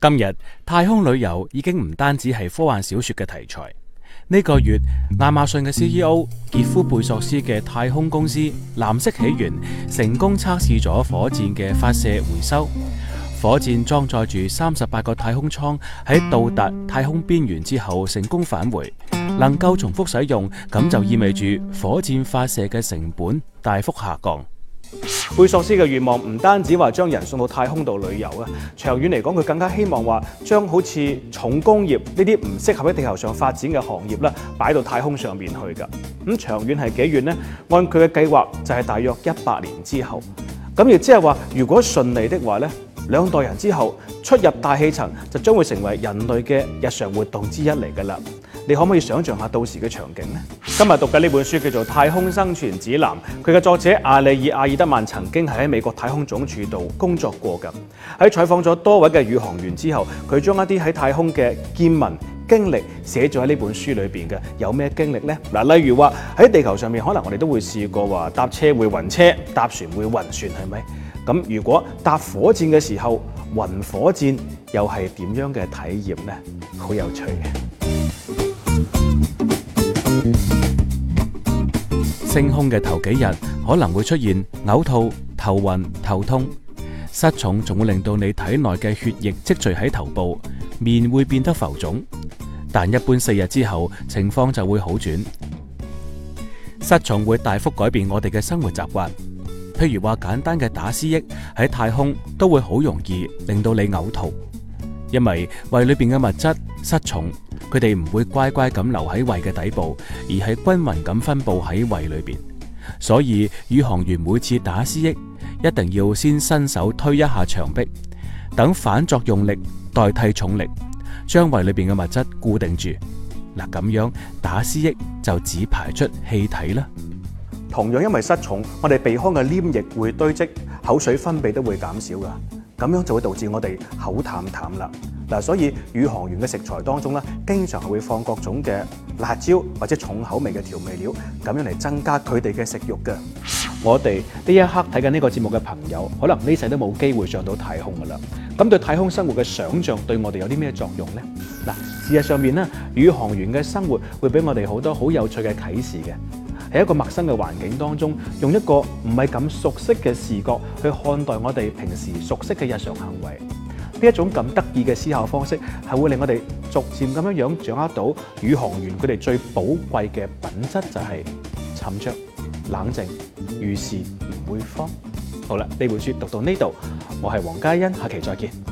今日太空旅遊已經唔單止係科幻小說嘅題材。呢個月，亞馬遜嘅 CEO 傑夫貝索斯嘅太空公司藍色起源成功測試咗火箭嘅發射回收。火箭裝載住三十八個太空艙，喺到達太空邊緣之後成功返回，能夠重複使用，咁就意味住火箭發射嘅成本大幅下降。貝索斯嘅願望唔單止話將人送到太空度旅遊啊，長遠嚟講，佢更加希望話將好似重工業呢啲唔適合喺地球上發展嘅行業啦，擺到太空上面去噶。咁長遠係幾遠呢？按佢嘅計劃就係大約一百年之後。咁亦即係話，如果順利的話咧，兩代人之後出入大氣層就將會成為人類嘅日常活動之一嚟噶啦。你可唔可以想象下到時嘅場景呢？今日讀嘅呢本書叫做《太空生存指南》，佢嘅作者阿里爾·阿爾德曼曾經係喺美國太空總署度工作過㗎。喺採訪咗多位嘅宇航員之後，佢將一啲喺太空嘅見聞經歷寫咗喺呢本書裏邊嘅。有咩經歷呢？嗱，例如話喺地球上面，可能我哋都會試過話搭車會暈車、搭船會暈船，係咪？咁如果搭火箭嘅時候暈火箭，又係點樣嘅體驗呢？好有趣嘅。升空嘅頭幾日可能會出現嘔吐、頭暈、頭痛。失重仲會令到你體內嘅血液積聚喺頭部，面會變得浮腫。但一般四日之後，情況就會好轉。失重會大幅改變我哋嘅生活習慣，譬如話簡單嘅打思噎，喺太空都會好容易令到你嘔吐，因為胃裏邊嘅物質失重。佢哋唔會乖乖咁留喺胃嘅底部，而係均勻咁分佈喺胃裏邊。所以宇航員每次打思噎，一定要先伸手推一下牆壁，等反作用力代替重力，將胃裏邊嘅物質固定住。嗱，咁樣打思噎就只排出氣體啦。同樣因為失重，我哋鼻腔嘅黏液會堆積，口水分泌都會減少噶。咁樣就會導致我哋口淡淡啦。嗱，所以宇航員嘅食材當中咧，經常係會放各種嘅辣椒或者重口味嘅調味料，咁樣嚟增加佢哋嘅食欲嘅。我哋呢一刻睇緊呢個節目嘅朋友，可能呢世都冇機會上到太空噶啦。咁對太空生活嘅想象，對我哋有啲咩作用呢？嗱，事實上面咧，宇航員嘅生活會俾我哋好多好有趣嘅啟示嘅。喺一個陌生嘅環境當中，用一個唔係咁熟悉嘅視覺去看待我哋平時熟悉嘅日常行為。呢一種咁得意嘅思考方式，係會令我哋逐漸咁樣樣掌握到宇航員佢哋最寶貴嘅品質，就係沉着、冷靜、遇事唔會慌。好啦，呢本書讀到呢度，我係黃嘉欣，下期再見。